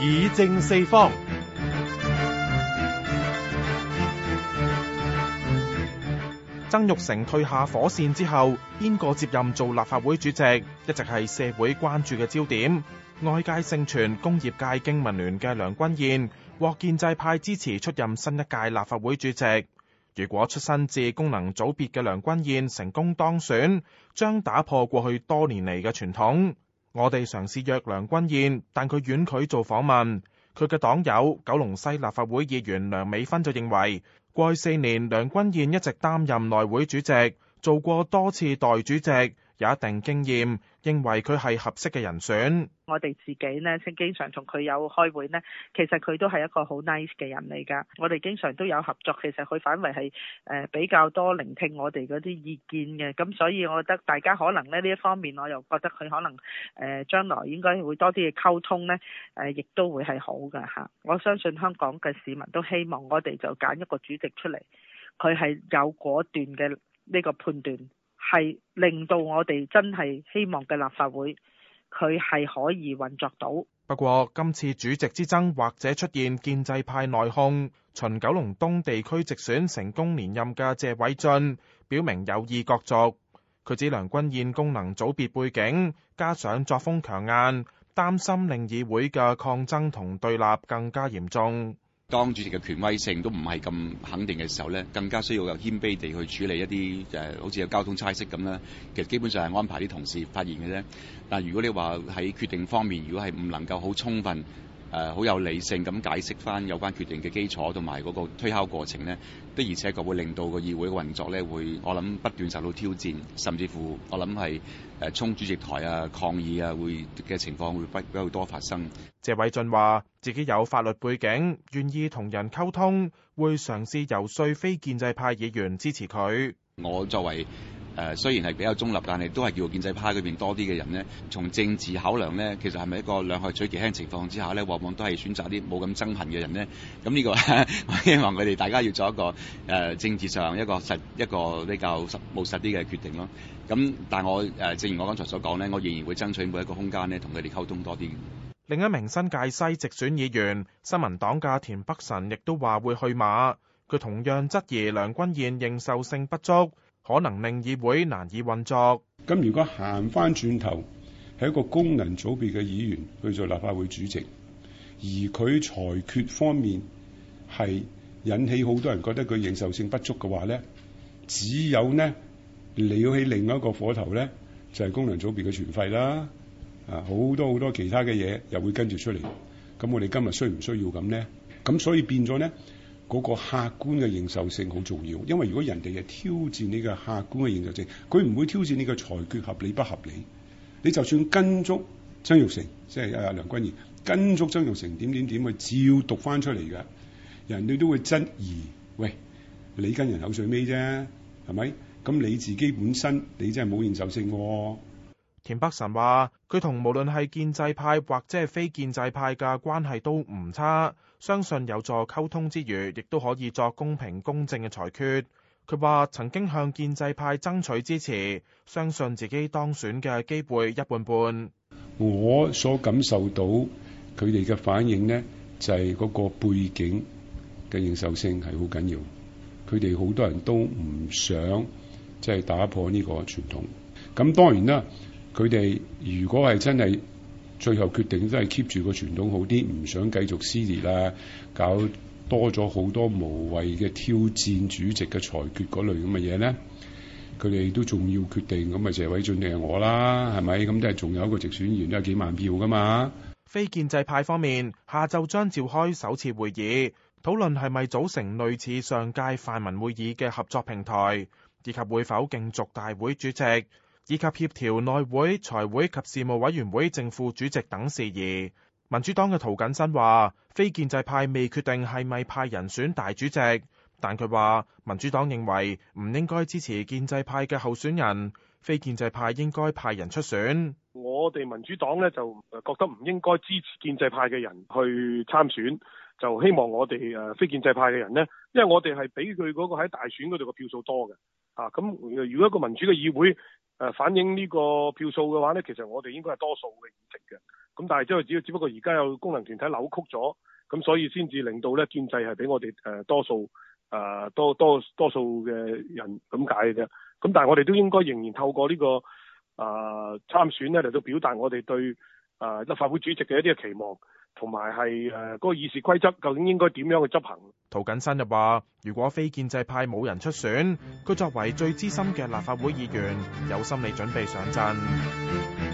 議政四方。曾鈺成退下火線之後，邊個接任做立法會主席，一直係社會關注嘅焦點。外界盛傳工業界經民聯嘅梁君彥獲建制派支持出任新一屆立法會主席。如果出身自功能組別嘅梁君彥成功當選，將打破過去多年嚟嘅傳統。我哋嘗試約梁君彥，但佢婉拒做訪問。佢嘅黨友、九龍西立法會議員梁美芬就認為，過去四年梁君彥一直擔任內會主席，做過多次代主席，有一定經驗，認為佢係合適嘅人選。我哋自己呢，即經常同佢有開會呢。其實佢都係一個好 nice 嘅人嚟噶。我哋經常都有合作，其實佢反為係誒比較多聆聽我哋嗰啲意見嘅。咁所以，我覺得大家可能呢呢一方面，我又覺得佢可能誒將來應該會多啲嘅溝通呢，亦都會係好噶嚇。我相信香港嘅市民都希望我哋就揀一個主席出嚟，佢係有果斷嘅呢個判斷。係令到我哋真係希望嘅立法會佢係可以運作到，不過今次主席之爭或者出現建制派內訌，循九龍東地區直選成功連任嘅謝偉俊表明有意角逐。佢指梁君彥功能組別背景，加上作風強硬，擔心令議會嘅抗爭同對立更加嚴重。當主席嘅權威性都唔係咁肯定嘅時候咧，更加需要有謙卑地去處理一啲誒，好似有交通差息咁啦。其實基本上係安排啲同事發言嘅啫。但係如果你話喺決定方面，如果係唔能夠好充分。誒好有理性咁解釋翻有關決定嘅基礎同埋嗰個推敲過程呢，的而且確會令到個議會嘅運作咧，會我諗不斷受到挑戰，甚至乎我諗係誒衝主席台啊、抗議啊，會嘅情況會不比較多發生。謝偉俊話：自己有法律背景，願意同人溝通，會嘗試遊說非建制派議員支持佢。我作為誒雖然係比較中立，但係都係叫建制派嗰邊多啲嘅人呢，從政治考量呢，其實係咪一個兩害取其輕情況之下呢，往往都係選擇啲冇咁憎恨嘅人呢。咁呢個我希望佢哋大家要做一個誒政治上一個實一個比較實務實啲嘅決定咯。咁但係我誒正如我剛才所講呢，我仍然會爭取每一個空間呢，同佢哋溝通多啲。另一名新界西直選議員，新民黨嘅田北辰亦都話會去馬。佢同樣質疑梁君彥認受性不足。可能令議會難以運作。咁如果行翻轉頭係一個功能組別嘅議員去做立法會主席，而佢裁決方面係引起好多人覺得佢認受性不足嘅話咧，只有呢撩起另一個火頭咧，就係功能組別嘅全費啦。啊，好多好多其他嘅嘢又會跟住出嚟。咁我哋今日需唔需要咁咧？咁所以變咗咧。嗰個客觀嘅認受性好重要，因為如果人哋係挑戰你嘅客觀嘅認受性，佢唔會挑戰你嘅裁決合理不合理。你就算跟足曾鈺成，即係阿梁君彥跟足曾鈺成點點點，佢照讀翻出嚟嘅，人哋都會質疑，喂，你跟人口水尾啫，係咪？咁你自己本身你真係冇認受性喎。田北辰話。佢同無論係建制派或者係非建制派嘅關係都唔差，相信有助溝通之餘，亦都可以作公平公正嘅裁決。佢話曾經向建制派爭取支持，相信自己當選嘅機會一半半。我所感受到佢哋嘅反應呢，就係嗰個背景嘅認受性係好緊要。佢哋好多人都唔想即係打破呢個傳統。咁當然啦。佢哋如果係真係最後決定都係 keep 住個傳統好啲，唔想繼續撕裂啦，搞多咗好多無謂嘅挑戰主席嘅裁決嗰類咁嘅嘢咧，佢哋都仲要決定咁啊，謝偉俊定係我啦，係咪？咁即係仲有一個直選員都有幾萬票噶嘛。非建制派方面，下晝將召開首次會議，討論係咪組成類似上屆泛民會議嘅合作平台，以及會否競逐大會主席。以及協調內會、財會及事務委員會正副主席等事宜。民主黨嘅涂謹申話，非建制派未決定係咪派人選大主席，但佢話民主黨認為唔應該支持建制派嘅候選人，非建制派應該派人出選。我哋民主黨呢就覺得唔應該支持建制派嘅人去參選，就希望我哋誒非建制派嘅人呢，因為我哋係比佢嗰個喺大選嗰度嘅票數多嘅。啊，咁如果一個民主嘅議會。誒反映呢個票數嘅話呢，其實我哋應該係多數嘅議席嘅。咁但係即係只只不過而家有功能團體扭曲咗，咁所以先至令到呢建制係俾我哋誒、呃、多數誒、呃、多多多數嘅人咁解嘅，咁但係我哋都應該仍然透過呢、這個誒、呃、參選呢嚟到表達我哋對誒、呃、立法會主席嘅一啲嘅期望。同埋係誒嗰個議事規則，究竟應該點樣去執行？涂謹申就話，如果非建制派冇人出選，佢作為最資深嘅立法會議員，有心理準備上陣。